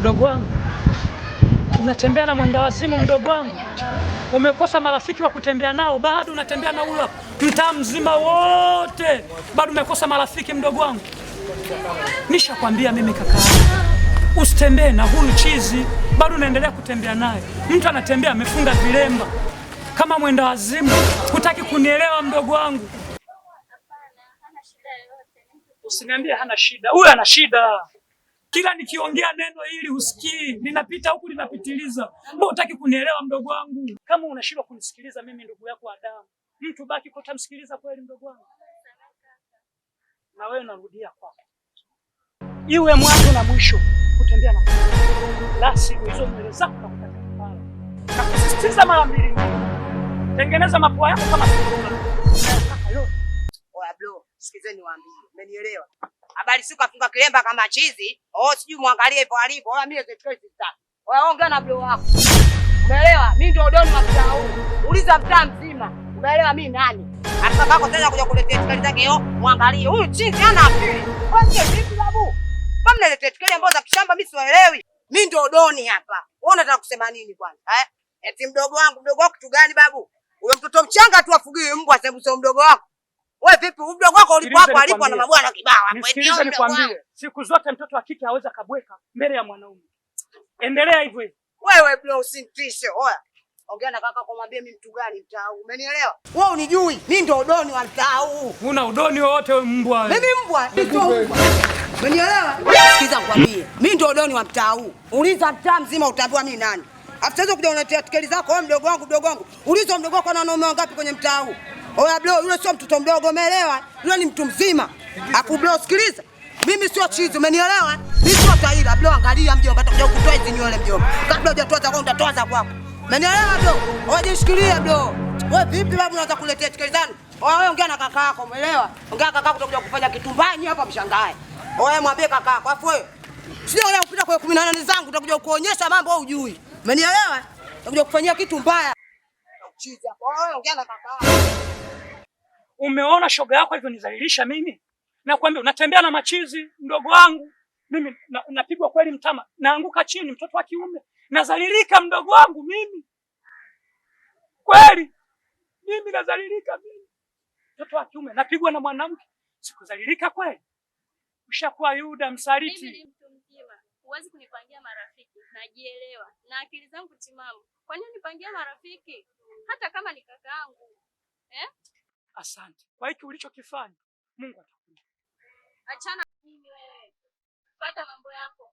mdogo wangu, unatembea na mwenda wazimu. Mdogo wangu, umekosa marafiki wa kutembea nao, bado unatembea na ula mtaa mzima wote, bado umekosa marafiki mdogo wangu. Nishakwambia mimi kaka usitembee na huyu chizi, bado unaendelea kutembea naye. Mtu anatembea amefunga vilemba kama mwenda wazimu. Hutaki kunielewa mdogo wangu? Usiniambie hana shida. Huyu ana shida, kila nikiongea neno hili usikii, ninapita huku ninapitiliza. Mbona hutaki kunielewa mdogo wangu? Kama unashindwa kunisikiliza mimi, ndugu yako wa mtu baki kwa, kotamsikiliza kweli, mdogo wangu? Na wewe narudia kwako, iwe mwanzo na mwisho kutembea na basi uzo nywele zako na kukata kipara. Nakusisitiza mara mbili, tengeneza mapua yako kama blo. Sikizeni waambie, mmenielewa? Habari si ukafunga kilemba kama chizi. Oh, sijui mwangalie hivyo alivyo. Wala mimi sitaki. Wewe ongea na blo wako. Umeelewa? Mimi ndio doni wa mtaa huu. Uliza mtaa mzima. Umeelewa mimi nani? Hata babako tena kuja kuletea tikali zake hiyo, mwangalie. Huyu chizi hana akili. Wewe vipi babu? Mbona mnaletea kelele ambazo za kishamba mimi siwaelewi. Mimi ndio Doni hapa. Wewe unataka kusema nini bwana? Eh? Eti mdogo wangu, mdogo wako kitu gani babu? Ule mtoto mchanga tu afugiwe mbwa sababu sio mdogo wako. Wewe vipi mdogo wako ulipo hapo alipo na mabwana kibao hapo. mdogo nikwambie. Siku zote mtoto wa kike hawezi kabweka mbele ya mwanaume. Endelea hivyo hivyo. Wewe bro usinitishe. Oya. Ongea na kaka kumwambia mimi mtu gani mtaa huu. Umenielewa? Wewe unijui. Mimi ndio udoni wa mtaa huu. Una udoni wowote wewe mbwa. Mimi mbwa. Mimi mbwa. Unielewa? Sikiza nikwambie. Hmm? Mimi ndio doni wa mtaa huu. Uliza mtaa mzima utaambiwa mimi nani. After hizo kuja unaletea tikeli zako, wewe mdogo wangu, mdogo wangu. Uliza mdogo wako ana wanaume wangapi kwenye mtaa huu? Oya bro, yule sio mtoto mdogo, umeelewa? Yule ni mtu mzima. Aku bro, sikiliza. Mimi sio chizi, umenielewa? Mimi sio taira bro, angalia mjomba, atakuja kutoa hizi nywele mjomba. Kabla hujatoa za utatoa za kwako. Umenielewa bro? Wajishikilia bro. Wewe vipi babu unaanza kuletea tikeli zangu? Wewe ongea na kaka yako, umeelewa? Ongea kaka yako utakuja kufanya kitu hapa mshangae. Oye, mwambie kaka kwa fwe. Sio leo kupita kwa 18 ni zangu utakuja kuonyesha mambo wewe hujui. Umenielewa? Utakuja kufanyia kitu mbaya. Chiza. Oye, ongea na kaka. Umeona shoga yako hivyo nizalilisha mimi? Nakwambia unatembea na machizi mdogo wangu. Mimi napigwa kweli mtama, naanguka chini, mtoto wa kiume nazalilika, mdogo wangu mimi kweli, mimi nazalilika, mimi mtoto wa kiume napigwa na mwanamke, sikuzalilika kweli? Ushakuwa Yuda msaliti. Huwezi kunipangia marafiki, najielewa na akili zangu timamu. Kwa nini unipangia marafiki hata kama ni kakaangu eh? Asante kwa hiki ulichokifanya, Mungu atakupa. Achana mimi wewe, pata mambo yako.